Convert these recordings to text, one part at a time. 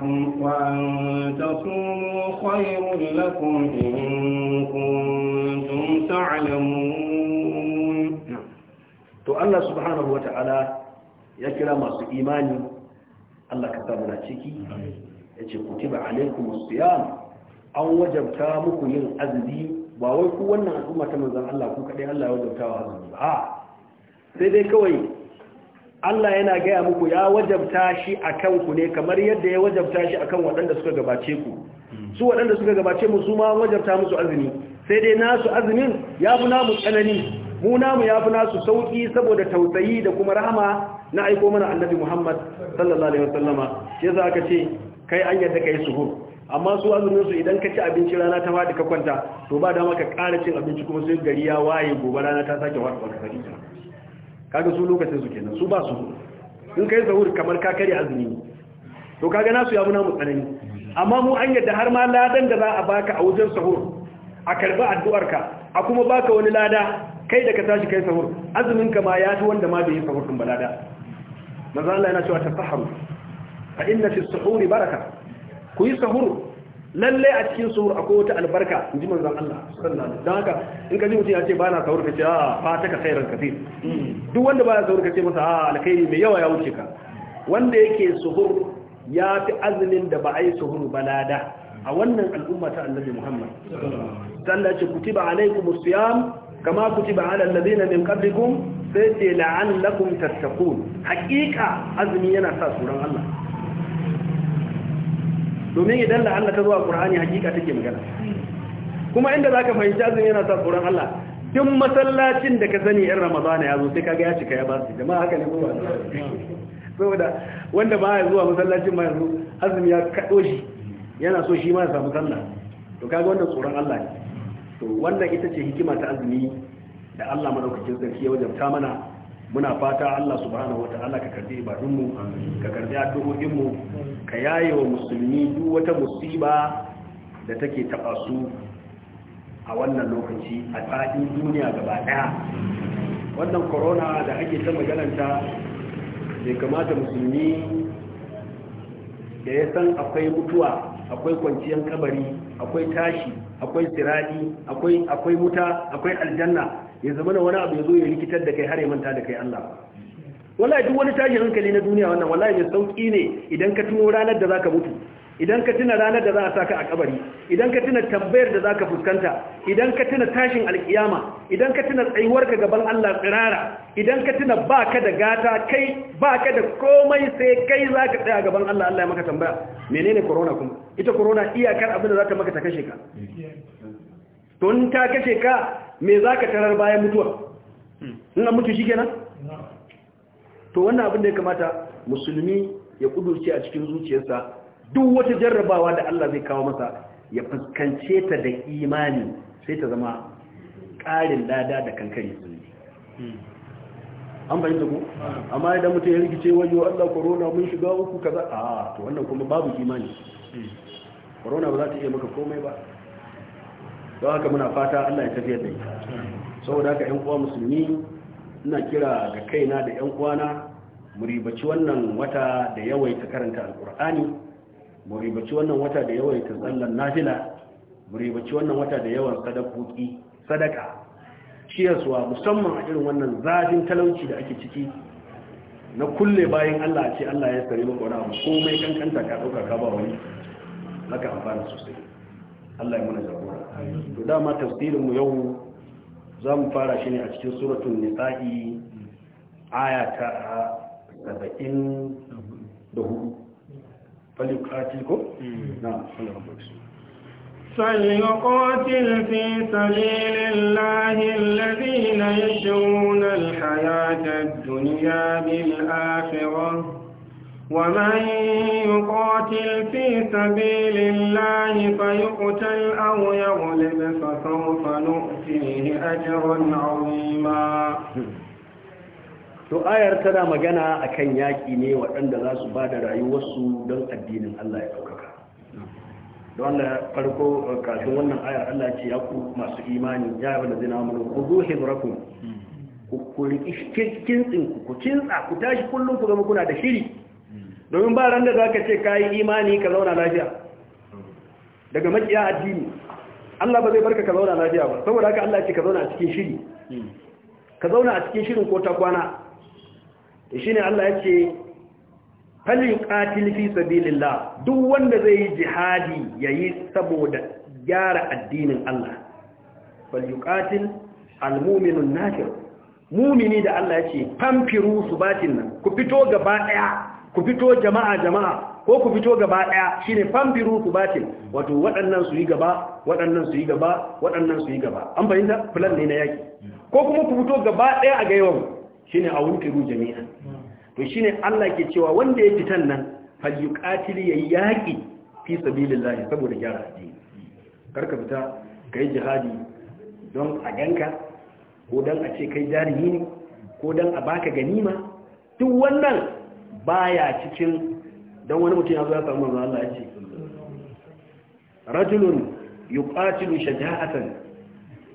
لكم وأن تصوموا خير لكم إن كنتم تعلمون to Allah subhanahu wata'ala ya kira masu imani Allah ka samu ciki ya ce kutiba alaikum siyam an wajabta muku yin azumi ba wai ku wannan al'umma ta manzon Allah ku kadai Allah ya wajabta wa azumi ba sai dai kawai Allah yana gaya muku ya wajabta shi a kanku ne kamar yadda ya wajabta shi a kan waɗanda suka gabace ku su waɗanda suka gabace mu su ma wajabta musu azumi sai dai nasu azumin ya fi namu tsanani mu namu ya fi nasu sauƙi saboda tausayi da kuma rahama na aiko mana annabi muhammad sallallahu alaihi wasallama shi yasa aka ce kai an yadda kai suhur amma su azumin su idan ka ci abinci rana ta faɗi ka kwanta to ba dama ka ƙara cin abinci kuma sai gari ya waye gobe rana ta sake faɗi ka sake kaga su lokacin su kenan su ba su in kai sahur kamar ka kare azumi to kaga nasu ya muna mu tsanani amma mu an yadda har ma ladan da za a baka a wajen sahur a karbi ka a kuma baka wani lada kai da ka tashi kai sahur azumin ka ma ya fi wanda ma bai yi sahur din ba manzo Allah yana cewa tafaharu fa inna fi as baraka ku yi sahur lalle a cikin suhur akwai wata albarka in ji manzan Allah sallallahu don haka in ka ji mutum ya ce ba na saurin ka ce a fata ka khairan duk wanda ba na saurin ka ce masa a alkhairi mai yawa ya wuce ka wanda yake suhur ya fi azumin da ba a yi suhur balada a wannan al'umma ta annabi Muhammad sallallahu ce kutiba alaikumus siyam kama kutiba ala alladhina min qablikum sai ce la'allakum tattaqun haqiqa azumi yana sa suran Allah domin idan da Allah ta zuwa Qur'ani hakika take magana kuma inda zaka fahimci azumi yana sa tsoron Allah duk masallacin da ka sani in Ramadana ya zo sai kaga ya cika ya ba su jama'a haka ne ko ba saboda wanda ba ya zuwa masallacin ma yanzu azumi ya kado shi yana so shi ma ya samu sallah to kaga wannan tsoron Allah ne to wannan ita ce hikima ta azumi da Allah madaukakin sarki ya wajabta mana muna fata Allah subhanahu wataala ka karbi ibadunmu ka karbi addu'o'inmu ka yaye wa musulmi duk wata musiba da take taba su a wannan lokaci a fadin duniya gaba daya wannan corona da ake ta magananta bai kamata musulmi da ya san akwai mutuwa akwai kwanciyar kabari akwai tashi akwai siradi akwai wuta akwai aljanna ya zama na wani abu ya zo ya rikitar da kai har ya manta da kai Allah wallahi duk wani tashin hankali na duniya wannan wallahi mai sauki ne idan ka tuno ranar da zaka mutu idan ka tuna ranar da za a saka a kabari idan ka tuna tambayar da za ka fuskanta idan ka tuna tashin alkiyama idan ka tuna tsayuwar ka gaban Allah tsirara idan ka tuna ba ka da gata kai ba ka da komai sai kai za ka tsaya gaban Allah Allah ya maka tambaya menene corona kuma ita corona iyakar abin da za ta maka ta kashe ka tun ta kashe ka me za ka tarar bayan mutuwa ina mutu shi kenan to wannan abin da ya kamata musulmi ya kudurce a cikin zuciyarsa duk wata jarrabawa da Allah zai kawo masa ya fuskance ta da imani sai ta zama ƙarin dada da kankare an da ku amma idan mutum ya rikice wayo Allah korona mun shiga uku kaza a to wannan kuma babu imani Korona ba za ta iya maka komai ba don haka muna fata Allah ya tafiyar da ita saboda haka ƴan uwa musulmi ina kira ga kaina da ƴan uwana mu ribaci wannan wata da yawaita karanta alqur'ani mu ribaci wannan wata da yawaita tsallan nafila mu ribaci wannan wata da yawan sadakoki sadaka ciyarsuwa musamman a irin wannan zafin talauci da ake ciki na kulle bayan Allah ce Allah ya sare maka wani abu komai kankanta ka dauka ka ba wani maka amfana sosai Allah ya muna zama to dama tafsirin mu yau za mu fara shi ne a cikin suratul nisa'i aya ta 74 falyuqatil ko mm. na falyuqatil فليقاتل في سبيل الله الذين ومن يقاتل في سبيل الله فيقتل أو يغلب فسوف نؤتيه أجرا عظيما to ayar tana magana akan yaƙi ne waɗanda za su ba da rayuwarsu don addinin Allah ya ɗaukaka don wanda farko kafin wannan ayar Allah ce ya ku masu imani ya yi wanda zina mana ku zo himrakum ku riƙi kintsin ku ku kintsa ku tashi kullum ku zama kuna da shiri domin ba ran da za ka ce ka yi imani ka zauna lafiya daga makiya addini Allah ba zai barka ka zauna lafiya ba saboda haka Allah ce ka zauna a cikin shiri ka zauna a cikin shirin ko ta kwana to shine Allah ya ce fal yuqatil fi sabilillah duk wanda zai yi jihadi yayi saboda gyara addinin Allah fal yuqatil almu'minun nafir mu'mini da Allah ya ce famfiru subatin nan ku fito gaba daya ku fito jama'a jama'a ko ku fito gaba daya shine fambiru ku batil wato waɗannan su yi gaba waɗannan su yi gaba waɗannan su yi gaba an bayyana plan ne na yaki ko kuma ku fito gaba daya a gaiwan shine a wunkiru jami'a to shine Allah ke cewa wanda ya fitan nan falyuqatil yayi yaki fi sabilillah saboda gyara addini karka fita kai jihadi don a ganka ko dan a ce kai jarimi ne ko dan a baka ganima duk wannan baya cikin don wani mutum ya zo ya samu manzo Allah ya ce rajulun yuqatilu shaja'atan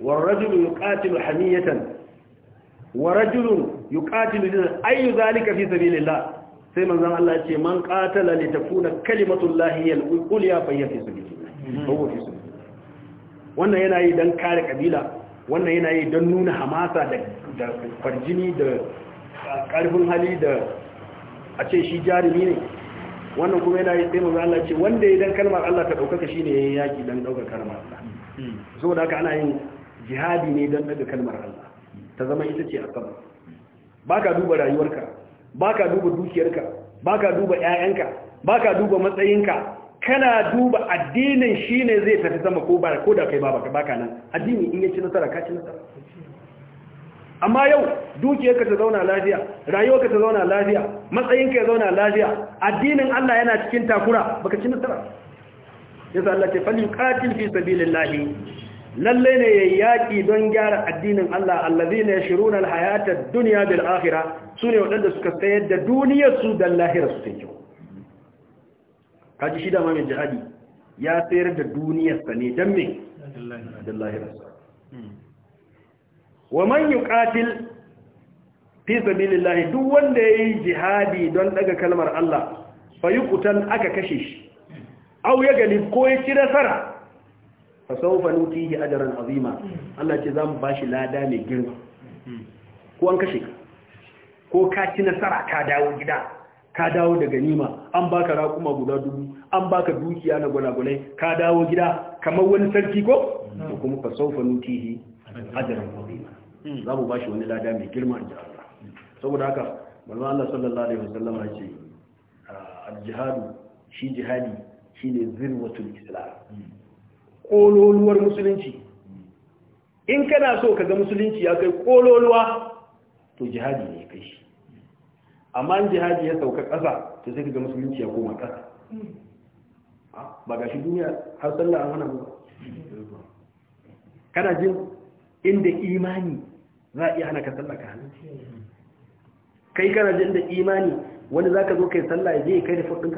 wa rajulun yuqatilu hamiyatan wa rajulun yuqatilu dinan ayu zalika fi sabilillah sai manzo Allah ya ce man qatala li takuna kalimatullahi al-ulya fa hiya fi sabilillah mm-hmm. fi sabilillah wannan yana yi dan kare kabila wannan yana yi dan nuna hamasa da farjini da karfin hali da a ce shi jarumi ne wannan kuma yana yi taimakon Allah ce wanda idan kalmar Allah ta ɗaukaka shi ne ya yi yaƙi don ɗaukar kalmar Allah saboda haka ana yin jihadi ne don ɗaga kalmar Allah ta zama ita ce a sama ba ka duba rayuwarka ba ka duba dukiyarka ba ka duba 'ya'yanka ba ka duba matsayinka kana duba addinin shi ne zai tafi sama ko ba da kai ba ka nan addini in ya ci nasara ka ci nasara amma yau dukiyarka ta zauna lafiya rayuwarka ta zauna lafiya matsayinka ya zauna lafiya addinin Allah yana cikin takura baka ci nasara yasa Allah ce fal yuqatil fi sabilillahi. lalle ne yayi yaki don gyara addinin Allah allazina yashruna alhayata ad-dunya bil akhirah sune wadanda suka sayar da duniyar su da lahirar su take kaji shi da mai jihadi ya sayar da duniyar sa ne dan me da lahirar wa man yuqatil fi sabilillahi duk wanda yayi jihadi don daga kalmar Allah fa yuqtal aka kashe shi aw ya gali ko ya ci nasara fa sawfa nutihi ajran azima Allah ce zamu bashi lada mai girma ko an kashe ka ko ka ci nasara ka dawo gida ka dawo daga nima an baka raƙuma guda dubu an baka dukiya na gwalagwalai ka dawo gida kamar wani sarki ko da kuma fa sawfa nutihi ajran azima za mu ba shi wani lada mai girma da Allah saboda haka manzo Allah sallallahu alaihi wasallam ya ce ah, al-jihadu shi jihadi shi ne zirwatul islam kololuwar musulunci in kana so ka ga musulunci ya kai kololuwa to jihadi ne kai shi amma in jihadi ya sauka ƙasa to sai ka ga musulunci ya koma ƙasa ah, ba ga shi duniya har sallah an hana ba kana jin inda imani za a iya hana ka sallah ka hana kai kana jin da imani wani za ka zo kai sallah ya je ya kai da fudin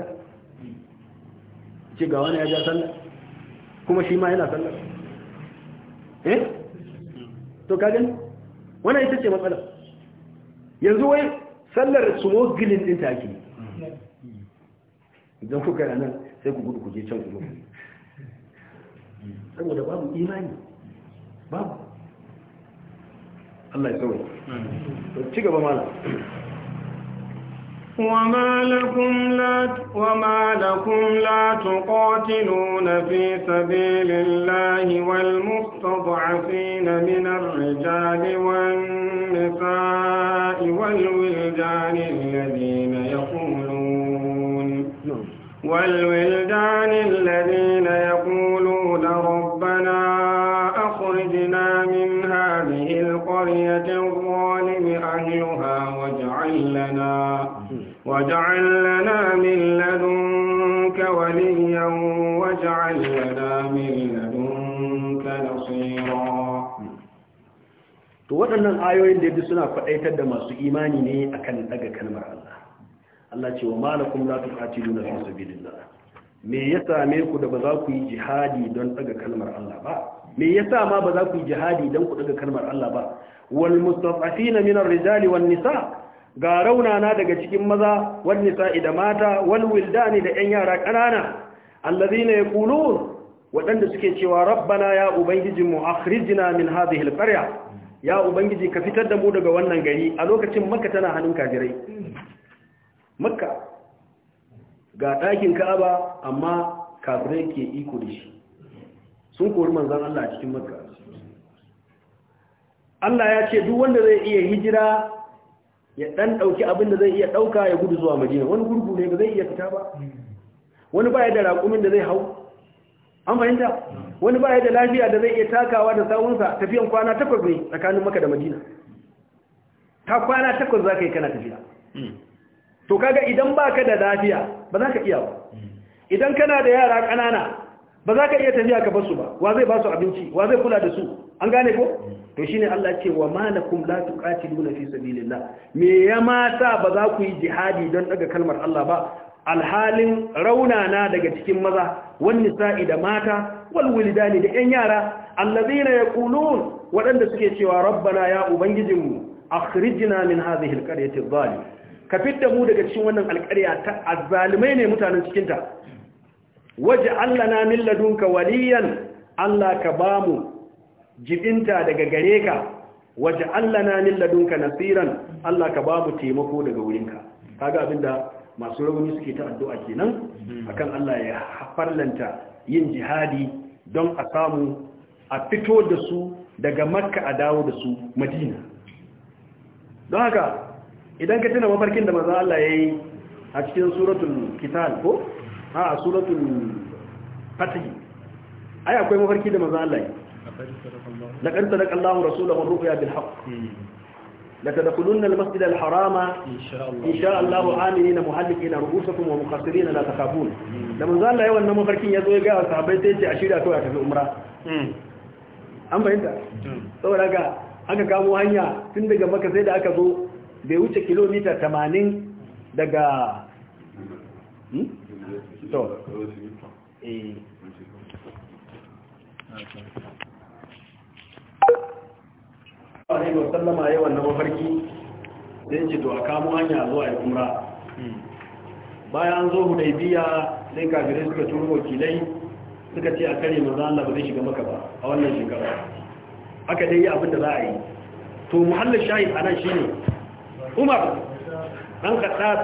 ce ga wani ya ja sallah kuma shi ma yana sallah eh to ka gani wani ita ce matsala yanzu wai sallar gilin din ta ake idan kuka yana nan sai ku gudu ku je can ku saboda babu imani babu الله يسوي sauya ci وما لكم لا وما لكم لا تقاتلون في سبيل الله والمستضعفين من الرجال والنساء والولدان الذين يقولون والولدان الذين واجعل لنا من لدنك وليا واجعل لنا من لدنك نصيرا to waɗannan ayoyin da yadda suna faɗaitar da masu imani ne akan daga kalmar Allah Allah ce wa malakum la tuqatiluna fi sabilillah me ya same ku da ba za ku yi jihadi don daga kalmar Allah ba me yasa ma ba za ku yi jihadi don ku daga kalmar Allah ba wal mustafafina min ar-rijali wan nisa ga raunana daga cikin maza wani sa’i da mata wal wildani da ƴan yara ƙanana ya yaqulun waɗanda suke cewa rabbana ya ubangiji mu akhrijna min haɗe hilfarya. ya ubangiji ka fitar da mu daga wannan gari a lokacin makka tana hannun kajirai makka ga ɗakin ka'aba amma kafirai ke iko da shi sun kori manzan Allah a cikin makka Allah ya ce duk wanda zai iya hijira ya dan dauki abin da zai iya dauka ya gudu zuwa madina wani gurgu ne ba zai iya fita ba wani baya da raƙumin da zai hau an fahimta wani baya da lafiya da zai iya takawa da sawunsa tafiyan kwana takwas ne tsakanin maka da madina ta kwana takwas za ka yi kana tafiya to kaga idan baka da lafiya ba za ka iya ba idan kana da yara ƙanana ba za ka iya tafiya ka basu ba wa zai basu abinci wa zai kula da su an gane ko to shine Allah ce wa malakum la tuqatiluna fi sabilillah me ya mata ba za ku yi jihadi don daga kalmar Allah ba alhalin raunana daga cikin maza wan nisa'i da mata wal wilidani da yan yara allazina yaqulun wadanda suke cewa rabbana ya ubangijinmu akhrijna min hadhihi alqaryati adh-dhalim ka fitta mu daga cikin wannan alƙarya ta azzalimai ne mutanen cikinta waje Allah na min ladunka waliyan Allah ka bamu mu jibinta daga gare ka waje Allah na min ladunka nasiran Allah ka bamu taimako daga wurinka kaga da masu rauni suke ta addu'a kenan hmm. akan Allah ya farlanta yin jihadi don a samu a fito da su daga makka a dawo da su madina don haka idan ka tuna mafarkin da maza Allah ya yi a cikin suratun kital ko a suratul fatih ai akwai mafarki da manzo Allah laqad sadaqa Allahu rasulahu ar-ru'ya bil haqq لتدخلن المسجد الحرام إن شاء الله آمنين محلقين رؤوسكم ومقصرين ya تخافون لما زال الله يوانا مفركين يزوي قاوة صحابي تيتي أشيرا كوية في umra an فهمت؟ saboda لك aka kamo hanya tun daga maka sai da aka zo bai wuce kilomita 80 daga hmm? to eh alaihi wasallama yayin wannan mafarki sai ce to a kamo hanya zuwa ya umra bayan zo hudaybiya sai kafirai suka turo wakilai suka ce a kare manzo Allah ba zai shiga maka ba a wannan shekara aka dai yi abin da za a yi to muhallin shahid anan ne Umar dan Khattab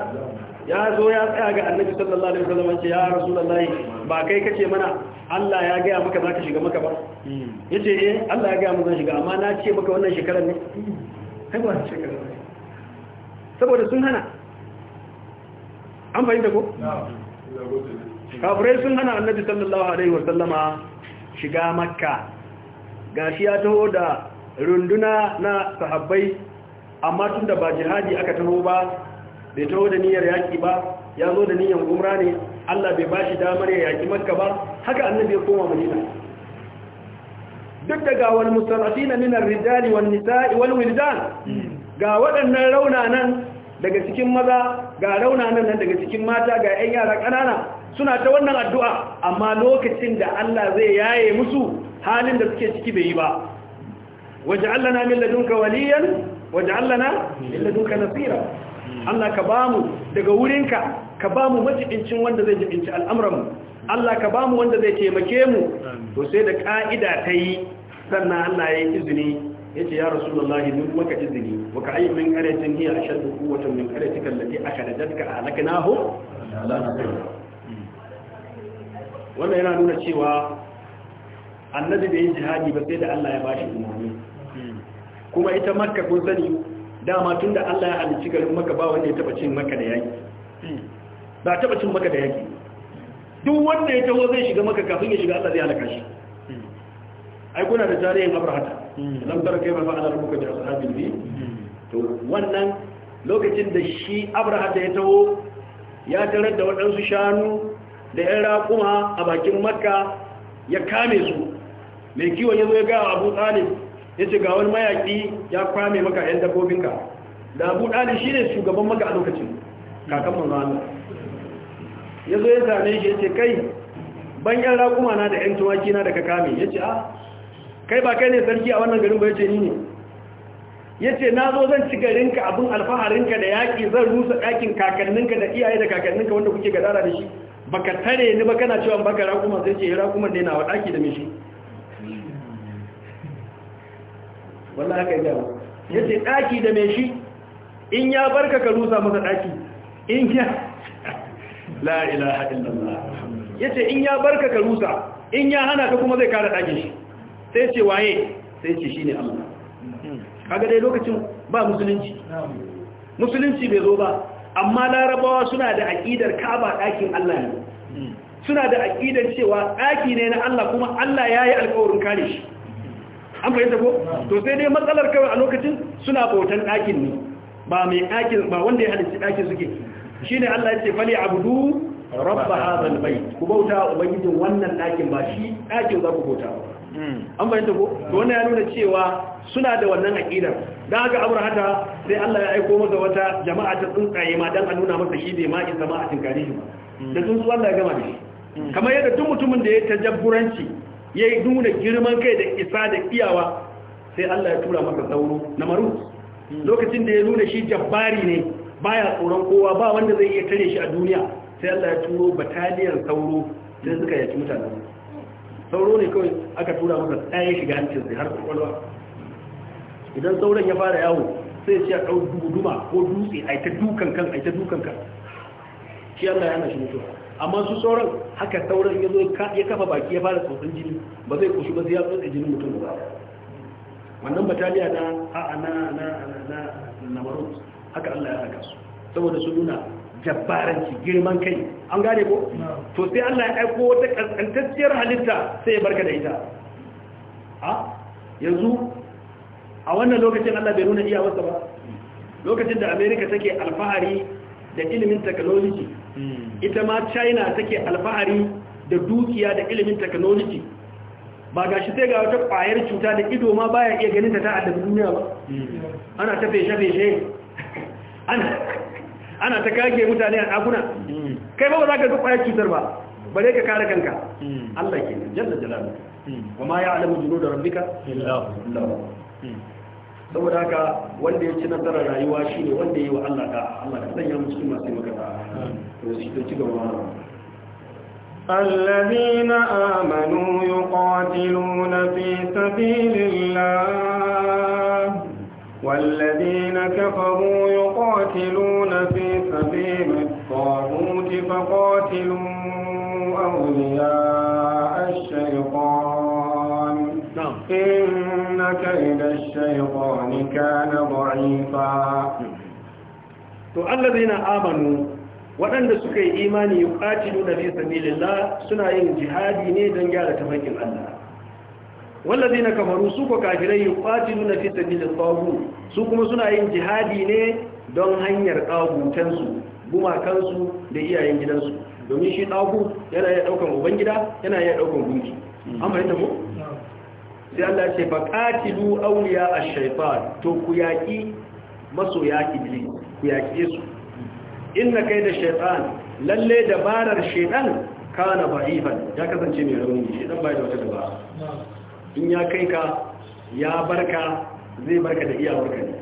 ya zo ya tsaya ga annabi sallallahu alaihi wasallam ce ya rasulullahi ba kai kace mana Allah ya gaya maka zaka shiga maka ba yace eh Allah ya gaya mu zan shiga amma na ce maka wannan shekarar ne kai ba shekarar ne saboda sun hana an fahimta ko kafirai sun hana annabi sallallahu alaihi wasallam shiga makka gashi ya taho da runduna na sahabbai amma tun da ba jihadi aka taho ba bai taho da niyyar yaƙi ba ya zo da niyyar umra ne Allah bai bashi damar ya yaƙi makka ba haka annabi ya koma madina duk da ga wal mustarafina min ar-rijali wan nisa'i wal wildan ga waɗannan raunanan daga cikin maza ga raunanan nan daga cikin mata ga ƴan yara ƙanana suna ta wannan addu'a amma lokacin da Allah zai yaye musu halin da suke ciki bai yi ba waj'alna min ladunka waliyan waj'alna min ladunka nasira Allah ka bamu daga wurinka ka bamu majibincin wanda zai jibinci al'amuranmu Allah ka bamu wanda zai taimake mu to sai da ka'ida ta yi sannan Allah ya yi izini ya ce ya rasulullahi duk maka izini wa ka ayi min qaryatan hiya ashaddu quwwatan min qaryatika allati akhadatka ahlaknahu la hmm. nasir wannan yana nuna cewa annabi bai yi jihadi ba sai da Allah ya bashi umarni hmm. kuma ita makka kun sani dama tun da Allah ya halicci garin maka ba wanda ya taba cin maka da yaki ba taba cin maka da yaki duk wanda ya taho zai shiga maka kafin ya shiga Allah zai halaka shi ai kuna da tarihin abrahata lam tara kayfa fa'ala rabbuka bi ashabil bi to wannan lokacin da shi abrahata ya taho ya tarar da waɗansu shanu da yan raƙuma a bakin makka ya kame su mai kiwon ya zo ya ga abu talib ya ce ga wani mayaƙi ya kwame maka 'yan dabbobinka da abu ɗali shi ne shugaban maka a lokacin kakan manzo Allah ya zo ya same shi ya ce kai ban yan raƙuma na da 'yan tumaki na da ka kame ya ce a kai ba kai ne sarki a wannan garin ba ya ce ni ne ya ce na zo zan ci garinka abin alfaharinka da yaƙi zan rusa ɗakin kakanninka da iyaye da kakanninka wanda kuke gadara da shi baka tare ni ba kana cewa baka raƙuma sai ce eh, raƙuma ne na wa ɗaki da mishi wallahi haka ya mu yace daki da me shi in ya barka ka rusa masa daki in ya la ilaha illallah yace in ya barka ka rusa in ya hana ka kuma zai kare dakin shi sai ce waye sai ce shi ne Allah kaga dai lokacin ba musulunci musulunci bai zo ba amma larabawa suna da aƙidar kaba ɗakin Allah ne suna da aƙidar cewa ɗaki ne na Allah kuma Allah ya yi alƙawarin kare shi an fahimta ko to sai dai matsalar kawai a lokacin suna bautan ɗakin ne ba mai ɗakin ba wanda ya halitta ɗakin suke ne Allah ya ce fali abdu rabba hadha albayt ku bauta ubangijin wannan ɗakin ba shi ɗakin za ku bauta hmm. an fahimta ko to wannan ya nuna cewa suna da wannan aqidar dan haka abrahata sai Allah ya aiko masa wata jama'a ta tsuntsaye ma dan a nuna masa shi bai ma in ma a tinkare shi ba da tsuntsu Allah ya gama da shi hmm. kamar yadda duk mutumin da ya ta tajabburanci ya yi nuna girman kai da isa da iyawa sai Allah ya tura maka sauro na maru hmm. lokacin da ya nuna shi jabbari ne baya tsoron kowa ba wanda zai iya tare shi a duniya sai Allah ya turo bataliyar sauro sai suka yaki mutane sauro ne kawai aka tura maka tsaye shiga hancin sai har kwakwalwa idan sauran ya fara yawo sai ya ɗau guduma ko dutse a ita dukan kan a ita dukan kan shi Allah ya hana shi mutuwa amma su sauran haka sauran ya zo ya kafa baki ya fara tsotsin jini ba zai kushi ba zai ya da jini mutum ba wannan bataliya na a na na na na haka Allah ya haka su saboda su nuna jabbaranci girman kai an gane ko to sai Allah ya aiko wata kaskantacciyar halitta sai ya barka da ita a yanzu a wannan lokacin Allah bai nuna iyawarsa ba lokacin da America take alfahari da ilimin technology ita ma china take alfahari da dukiya da ilimin technology ba ga shi sai ga wata kwayar cuta da ido ma baya iya ganin ta ta addabi duniya ba ana ta feshe-feshe ana ta kage mutane a ɗakuna kai ba ba za ka ga kwayar cutar ba bare ka kare kanka Allah ke jalla jalalu wa ma ya'lamu da rabbika illahu saboda haka wanda ya ci nasara rayuwa shi ne wanda ya yi wa Allah da Allah ka sanya musu cikin masu maka da to shi to ci gaba الذين آمنوا يقاتلون في سبيل الله والذين كفروا يقاتلون في سبيل الطاغوت فقاتلوا أولياء الشيطان نعم كيد الشيطان كان ضعيفا to amanu waɗanda suka yi imani yuqatilu fi sabilillah suna yin jihadi ne don gyara tafarkin Allah wallazina kafaru su ko kafirai yuqatilu na fi sabilillah su kuma suna yin jihadi ne don hanyar dagutan su da iyayen gidansu domin shi dagu yana iya daukan ubangida yana iya daukan gunki an fahimta mu? sai Allah ce fa qatilu awliya ash-shaytan to ku yaki masoya iblis ku yaki su inna kayda shaytan lalle dabarar shaytan kana ba'ifan ya kasance mai rauni shaytan bai da wata dabara in ya kai ka ya barka zai barka da iyawarka ne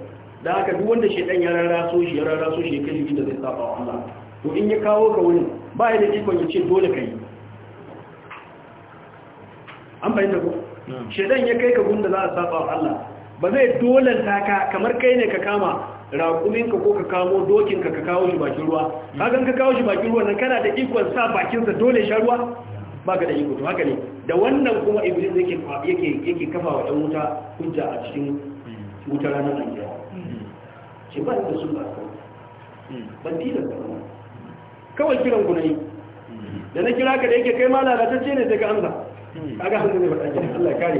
da haka duk wanda shaytan ya raraso shi ya raraso shi kai shi da zai Allah to in ya kawo ka wani ba ya da ikon ya ce dole kai an bayyana ku shedan ya kai ka gunda za a saba wa Allah ba zai dolanta ka kamar kai ne ka kama raƙuminka ko ka kamo dokinka ka kawo shi bakin ruwa hakan ka kawo shi bakin ruwa nan kana da ikon sa bakinsa dole sha ruwa ba ka da iko to haka ne da wannan kuma iblis yake yake yake kafa wa dan wuta hujja a cikin wuta ranar anjiya ce ba da sun ba ko ban tilan ka kawai kiran ku ne da na kira ka da yake kai ma ce ne sai ka amsa kaga haka ne faɗa kenan Allah kare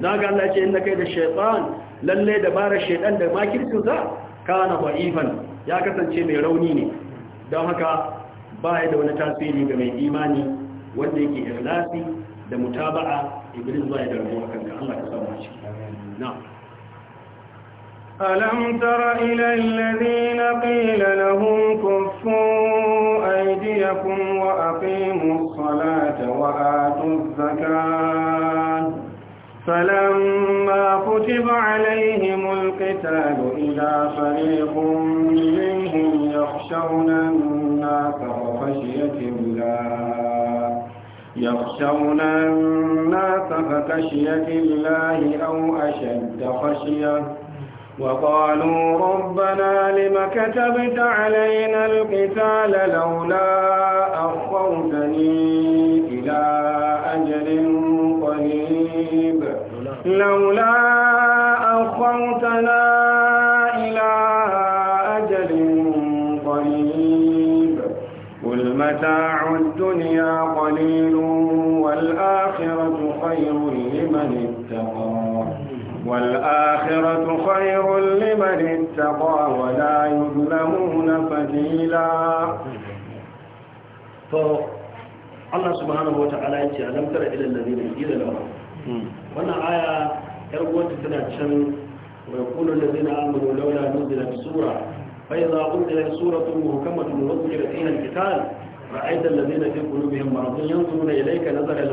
na ga Allah ce inna kai da shaytan lalle dabara shaytan da makircin sa kana da'ifan ya kasance mai rauni ne don haka ba ya da wani tasiri ga mai imani wanda yake ikhlasi da mutaba'a iblis ba ya da rabuwa kanka Allah ka samu ciki na'am ألم تر إلى الذين قيل لهم كفوا أيديكم وأقيموا الصلاة وآتوا الزكاة فلما كتب عليهم القتال إلى فريق منهم يخشون الناس وخشية الله يخشون الناس فكشية الله أو أشد خشية وقالوا ربنا لم كتبت علينا القتال لولا أخرتني إلى أجل قريب لولا أخرتنا إلى أجل قريب قل متاع الدنيا قليل والآخرة خير لمن اتقى والآخرة الآخرة خير لمن اتقى ولا يظلمون فتيلا الله سبحانه وتعالى يتي ألم تر إلى الذين قيل لهم wannan aya yar uwarta tana can wa yaqulu alladhina amanu lawla nuzilat sura fa idha unzilat suratun muhkamatun wa dhukira fiha al-qital ra'aita alladhina fi qulubihim maradun yanzuruna ilayka nazara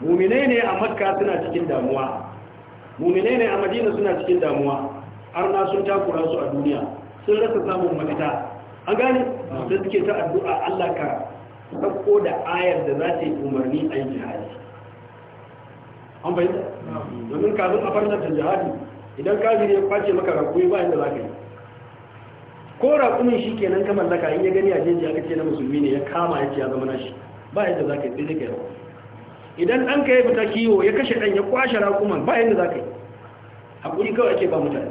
muminai ne a makka suna cikin damuwa muminai ne a madina suna cikin damuwa arna sun takura su a duniya sun rasa samun mafita an gane da suke ta addu'a Allah ka sako da ayar da za ta yi umarni a yi jihadi an da. domin kafin a farnar da jihadi idan kafin ya kwace maka rakuri ba inda za ka yi ko rakunin shi kenan kamar mallaka in ya gani a jeji aka ce na musulmi ne ya kama ya ce ya zama nashi ba yadda za ka yi sai ka idan ɗanka ya fita kiwo ya kashe ɗan ya kwashe raƙuman bayan da za ka yi haƙuri kawai ake ba mutane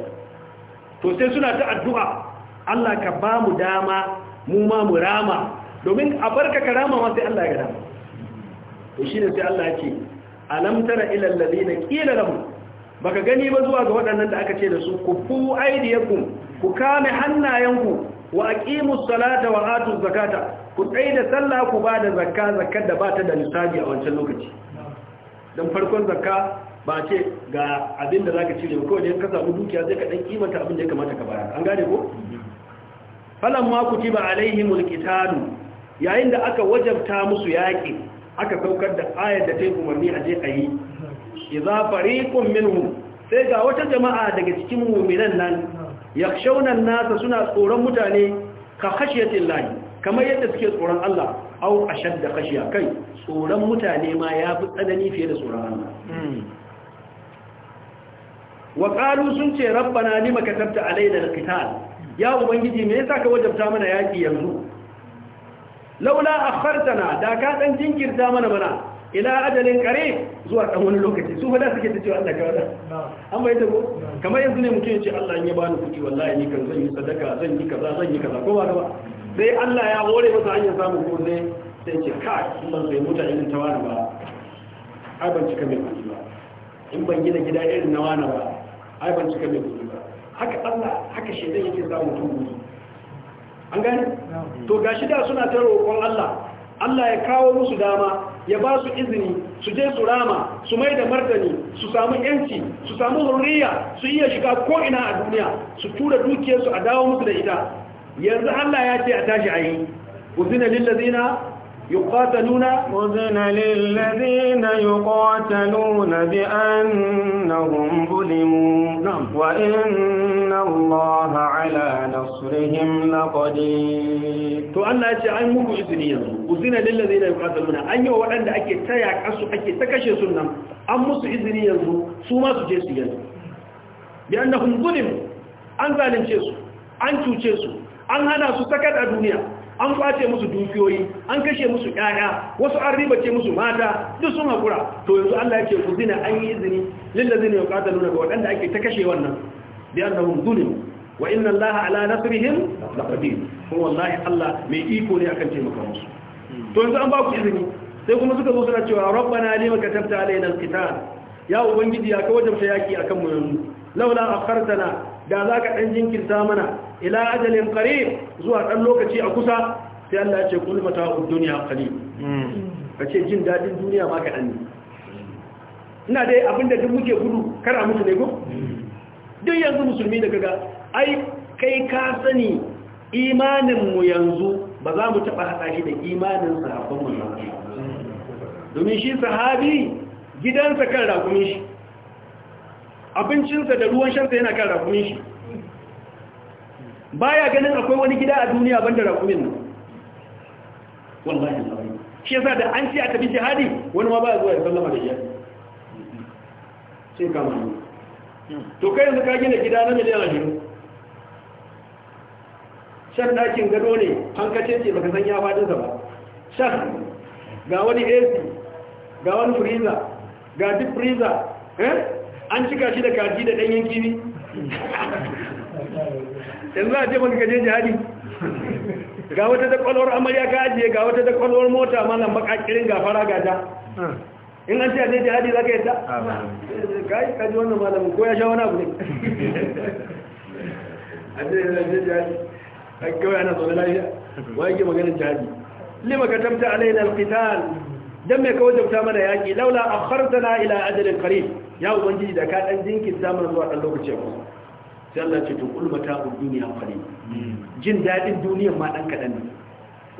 to sai suna ta addu'a Allah ka ba mu dama mu ma mu rama domin a barka ka rama ma sai Allah ya rama to shi ne sai Allah ya ce alam na ilal ladina ramu. Ba ka gani ba zuwa ga waɗannan da aka ce da su ku fu aidiyakum ku kame hannayenku wa aqimus salata wa wa'atu zakata ku tsaye da sallah ku ba da zakka zakkar da ba ta da nisabi a wancan lokaci don farkon zakka ba ce ga abin da za ka cire kawai da ka samu dukiya zai ka ɗan kimanta abin da ya kamata ka bayar an gane ko? falon ma ku ci ba alaihimul kitalu yayin da aka wajabta musu yaƙi aka saukar da ayar da ta yi umarni a je a yi iza fariqun minhum sai ga wata jama'a daga cikin mu'minan nan yakhshawna nasa suna tsoron mutane ka khashyatin lahi kamar yadda suke tsoron Allah au ashadda khashiya kai tsoron mutane ma ya fi tsanani fiye da tsoron Allah wa qalu sun ce rabbana lima katabta alaina alqital ya ubangiji me yasa ka wajabta mana yaƙi yanzu laula akhartana da ka dan jinkirta mana bana, ila ajalin kare zuwa ɗan wani lokaci su fada suke ta cewa Allah ka wada an bai ko kamar yanzu ne mutum ya ce Allah in ya bani kuɗi wallahi ni kan zan yi sadaka zan yi kaza zan yi kaza ko ba ka ba sai Allah ya hore masa hanyar samun kone sai ce kai in ban sai mota irin ta wani ba ai ban cika mai kuɗi ba in ban gina gida irin na wani ba ai ban cika mai kuɗi ba haka Allah haka shedan yake samun mutum kuɗi an gani? to gashi da suna ta roƙon Allah Allah ya kawo musu dama ya ba su izini su je su rama su mai da martani su samu yanci su samu hurriya su iya shiga ko ina a duniya su tura dukiyarsu a dawo musu da ita yanzu Allah ya ce a tashi a ayi uzina lil ladina yuqataluna uzina lil ladina yuqataluna bi annahum zulimu wa inna Allaha ala nasrihim laqadir to Allah ya ce an muku izini yanzu uzina lil ladina yuqataluna an yi waɗanda ake taya kasu ake ta kashe sunan an musu izini yanzu su ma su je su yanzu bi annahum zulimu an zalunce su an cuce su an hana su sakar a duniya an kwace musu dukiyoyi an kashe musu ƴaƴa wasu an ribace musu mata duk sun haƙura to yanzu Allah yake ku zina an yi izini lillazina yuqataluna ga waɗanda ake ta kashe wannan bi annahum zulimu wa inna Allah ala nasrihim laqadir Ko wallahi Allah mai iko ne akan taimaka musu to yanzu an ba ku izini sai kuma suka zo suna cewa rabbana lima katabta alaina alqital ya ubangiji ya ka ta yaki akan mu yanzu laula akhartana da za ka ɗan jinkinta mana ila ajalin ƙare zuwa ɗan lokaci a kusa sai Allah ya ce kulmata a duniya ƙari ka ce jin daɗin duniya ma ka ɗanni ina dai abinda duk muke gudu kara mutu ne ko duk yanzu musulmi da gaga ai kai ka sani imaninmu yanzu ba za mu taɓa haɗa shi da imanin sahabbanmu ba domin shi sahabi gidansa kan rakumin shi abincinsa da ruwan shansa yana kan rakumin shi baya ganin akwai wani gida a duniya banda rakumin nan wallahi alazim shi yasa da an ci a tafi jihadi wani ma baya zuwa ya sallama da jihadi sai kama ne to kai yanzu ka gina gida na miliyan ashirin shan ɗakin gado ne an kace ce baka san ya sa ba shan ga wani ac ga wani freezer ga duk freezer eh an cika shi da kaji da ɗanyen kibi yanzu a ce maka gaje jihadi ga wata da kwalwar amarya ka ajiye ga wata da kwalwar mota malam bakakirin gafara gaja in an ce a je jihadi za ka yadda ka yi kaji wannan malamin ko ya sha wani abu ne a ce yanzu jihadi a kawai ana zaune lafiya wa yake maganin jihadi lima ka tamta alaina alqital dan me ka wajabta mana yaki laula akhartana ila ajalin qarib ya ubangiji da ka dan jinkirta mana zuwa ɗan lokaci ku sai Allah ce to kul mata'ud dunya qali hmm. jin dadin duniyar ma dan kadan ne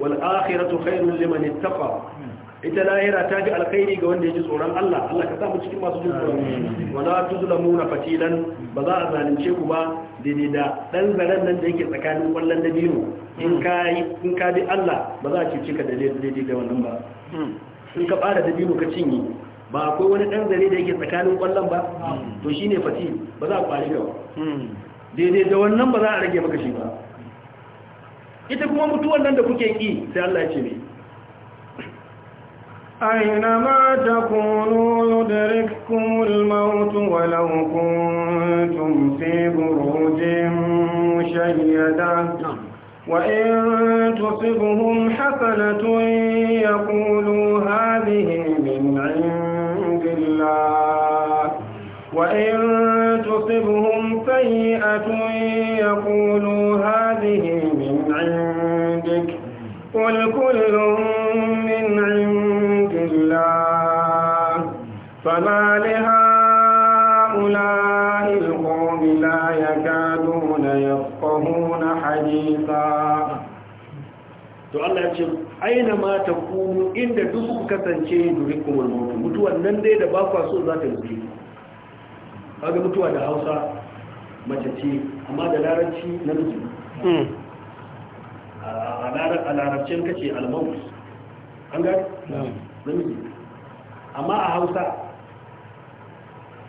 wal akhiratu khairul liman ittaqa hmm. ita lahira ta ji alkhairi ga wanda ya ji tsoron Allah Allah ka sa mu cikin masu jin tsoron hmm. wala tuzlamuna fatilan ba za a zalunce ku ba dai da ɗan zaren nan da yake tsakanin kwallon da biyu in ka in ka bi Allah ba za a cuce ka da daidai da wannan ba in ka fara da biyu ka cinye ba akwai wani ɗan zare da yake tsakanin ƙwallon ba to shi ne fati ba za a ƙwari ba. Hmm. daidai da wannan ba za a rage maka shi ba ita kuma mutuwan nan da kuke ƙi. sai Allah ya ce me أينما تكونوا يدرككم الموت ولو كنتم في بروج مشيدة وإن تصبهم حسنة يقولوا هذه من عند وإن تصبهم سيئة يقولوا هذه من عندك قل كلهم aina ma ta kunu inda duk kuka kasance durikumul mutu mutuwan nan dai da ba kwaso za ta rufe kaga mutuwa da Hausa mace ce amma da larabci na miji hmm. a larabcin kace almau an ga hmm. namiji amma a Hausa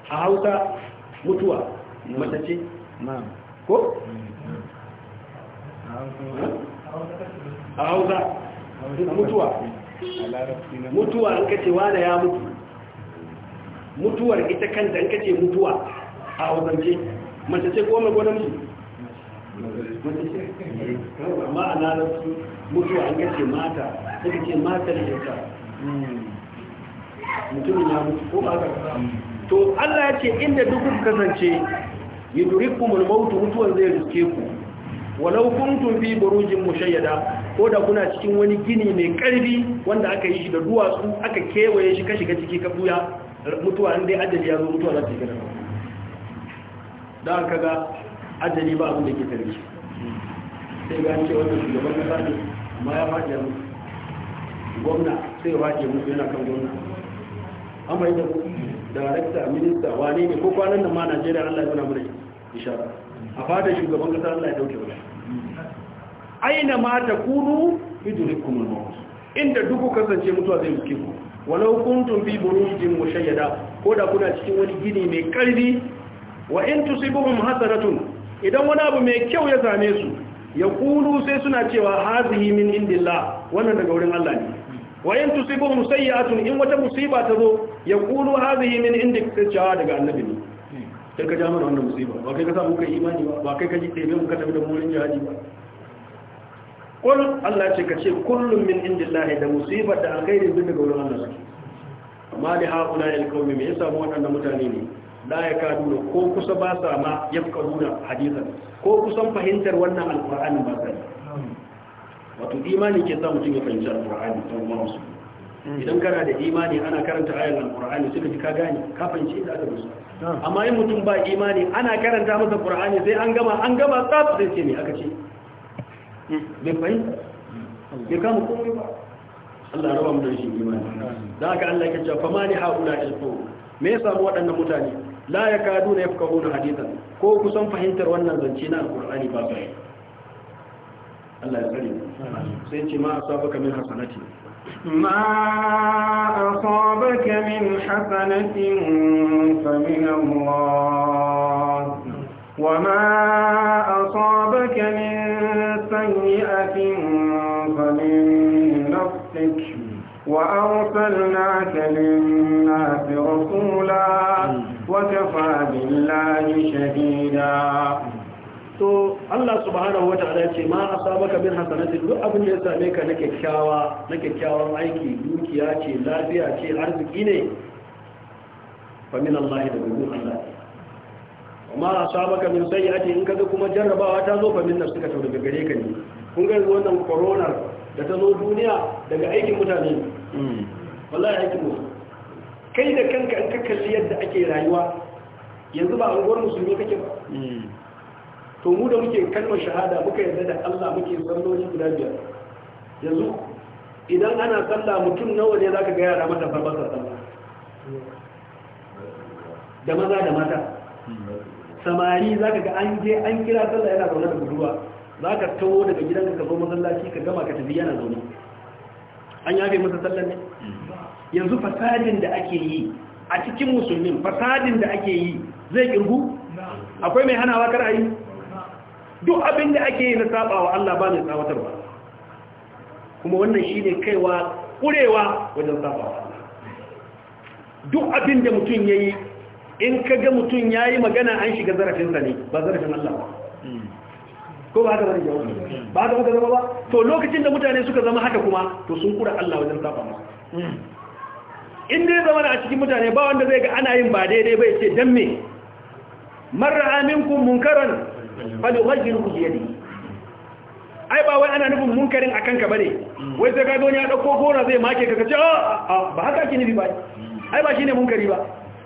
a Hausa mutuwa mace ce ko hmm. a Hausa mutuwa mutuwa an kace wane ya mutu mutuwar ita kanta an kace mutuwa a hausance mace ce ko mai gwanon su amma a larabci mutuwa an kace mata suka ce matar yanka mutumin ya mutu ko ba to Allah ya ce inda duk kuka kasance yudrikumul mautu mutuwan zai riske ku walau kuntum fi burujin mushayyada ko da kuna cikin wani gini mai ƙarfi wanda aka yi shi da duwatsu aka kewaye shi ka shiga ciki ka buya mutuwa dai ajali ya zo mutuwa za ta gina da aka ga ajali ba abin da ke tarihi sai ga ce wannan shugaban kasa ne amma ya faɗi mu gwamna sai ya faɗi mu yana kan gwamna amma bai da darakta minista wane ne ko kwanan nan ma najeriya allah ya zana mana ishara a fadar shugaban kasa allah ya dauke wani aina ma takunu al maut inda duk kasance mutuwa zai riske ku walau kuntum bi burujin mushayyada ko da kuna cikin wani gini mai karfi wa in tusibuhum hasaratun idan wani abu mai kyau ya same su ya kulu sai suna cewa hazihi min indillah wannan daga wurin Allah ne wa in tusibuhum sayyi'atun in wata musiba ta zo ya kulu hazihi min indik sai cewa ah, daga annabi ne sai ka ja mana wannan musiba ba kai ka samu kai imani ba ba kai ka ji tebe mu ka tafi da murin jihadi ba kul Allah ce ka ce kullum min indillahi da musibar da alkhairi duk daga wurin Allah suke amma da haula al qaumi me yasa waɗannan mutane ne da ya kadu ko kusa ba sa ma yafkaruna hadisan ko kusan fahimtar wannan alqur'ani ba sai wato imani ke sa mutum ya fahimci alqur'ani ta umma su. idan kana da imani ana karanta ayar alqur'ani sai ka gane ka fahimci da aka dusa amma in mutum ba imani ana karanta masa qur'ani sai an gama an gama tsaf sai ce ne aka ce bai fahimta bai kama komai ba Allah rawa mu da imani da haka Allah waɗannan mutane la ko kusan fahimtar wannan zance na alqur'ani ba sai Allah ya tsare sai ce ma asabaka min hasanati ما أصابك من حسنة فمن الله وما أصابك من سيئة فمن نفسك وأرسلناك للناس رسولا وكفى بالله شهيدا to Allah subhanahu wa ta'ala ce ma asabaka bin hasanati duk abin da ya same ka na kyakkyawa na kyakkyawan aiki dukiya ce lafiya ce arziki ne fa min Allah da gurin Allah ma asabaka min sayyi'ati in kaga kuma jarrabawa ta zo fa min nafsika to daga gare ka ne kun ga wannan corona da ta zo duniya daga aikin mutane hmm. wallahi aikin mu kai da kanka in ka kalli yadda ake rayuwa yanzu ba anguwar musulmi kake ba hmm. to mu da muke kalmar shahada muka yarda da Allah muke salloli guda biyar yanzu idan ana sallah mutum nawa ne zaka ga yara mata farfasa sallah da maza da mata samari za ka ga an je an kira sallah yana zaune da budurwa za ka tawo daga gidan ka zo masallaci ka gama ka tafi yana zaune an yafe masa sallan ne yanzu fasadin da ake yi a cikin musulmin fasadin da ake yi zai kirgu akwai mai hanawa kar a yi duk abin da ake yi na saba wa Allah ba mai tsawatarwa kuma wannan shine kaiwa kurewa wajen saba wa Allah duk abin da mutum yayi in ka ga mutum ya yi magana an shiga zarafinsa ne ba zarafin Allah ba ko ba haka zarafin yawon ba haka muka zama ba to lokacin da mutane suka zama haka kuma to sun kura Allah wajen saba ma in dai zama a cikin mutane ba wanda zai ga ana yin ba daidai bai ce don me marra aminkum munkaran falyughayyiru bi ne ai ba wai ana nufin munkarin akan ka bane wai sai ka ga wani ya dauko gona zai make ka kace a ah, ah, ba haka ake nufi ba ai ba shine munkari ba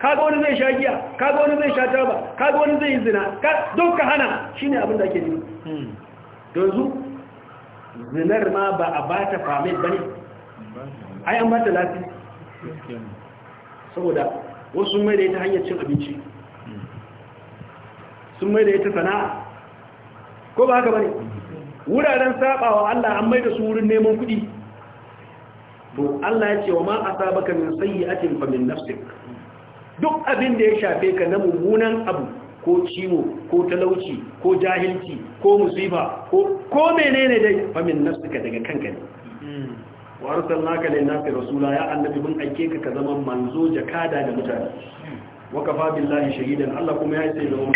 kaga wani zai sha giya kaga wani zai sha taba kaga wani zai yi zina don ka hana shine abin da ake nufi hmm. yanzu zinar ma ba a ba ta bane ai an bata ta lati saboda wasu sun mai da ita hanyar cin abinci hmm. sun mai da ita sana'a ko ba haka bane hmm. wuraren sabawa Allah an mai da su wurin neman kuɗi to Allah ya ce wa ma asabaka min sayyi'atin fa min nafsik duk abin da ya shafe ka na mummunan abu ko ciwo ko talauci ko jahilci ko musifa ko ko menene dai famin nafsika daga kanka ne wa arsalnaka lin nasi rasula ya annabi bin aike ka ka zama manzo jakada da mutane wa kafa billahi shahidan Allah kuma ya yi zama Allah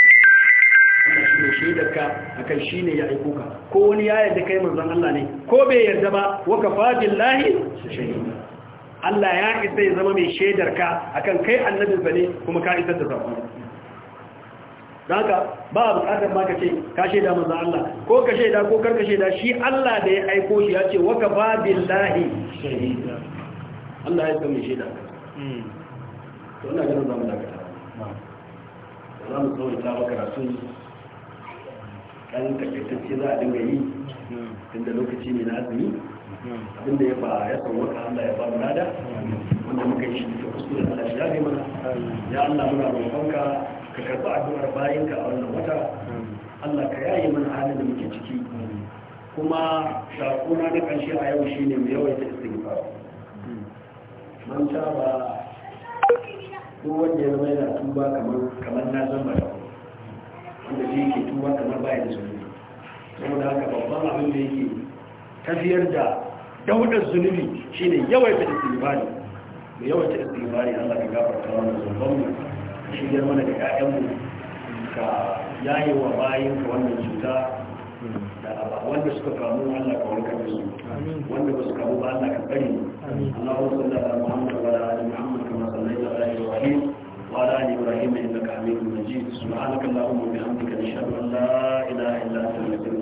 shi shaidarka akan shi ya aiko ka ko wani ya yarda kai manzon Allah ne ko bai yarda ba wa kafa billahi shahidan Allah ya isa ya zama mai shaidar ka akan kai annabinsa ne kuma ka isar da sako don haka ba a bukatar ma ka ce ka shaida manzan Allah ko ka shaida ko karka shaida shi Allah da ya aiko shi ya ce waka ba billahi Allah ya zama mai shaida to ina ganin zamu dakata za mu tsawaita ba karatu ɗan takaitacce za a dinga yi tun da lokaci ne na azumi abinda ya ba ya san waka Allah ya ba mu nada wanda muka yi shi da kuskure Allah shi yafe mana ya Allah muna roƙonka ka karɓi addu'ar ka a wannan wata Allah ka yaye mana halin da muke ciki kuma shakuna na ƙarshe a yau shine mu yawaita istighfar man ta ba duk wanda ya zama yana tuba kamar kamar na zamba da wanda shi yake tuba kamar baya da saboda haka babban abin da yake tafiyar da dauɗar zunubi ne yawaita istighfari mu yawaita istighfari Allah ka gafarta mana zunuban shi shigar mana da ƴaƴanmu ka yaye wa bayin ka wannan cuta da wanda suka kamu Allah ka warkar da su wanda ba su kamu ba Allah ka tsare Allahumma salli ala Muhammadu wa ala ali Muhammadu kama sallaita ala Ibrahim wa ala ali Ibrahim innaka Hamidum Majid subhanaka Allahumma wa bihamdika nashhadu an la ilaha illa anta nastaghfiruka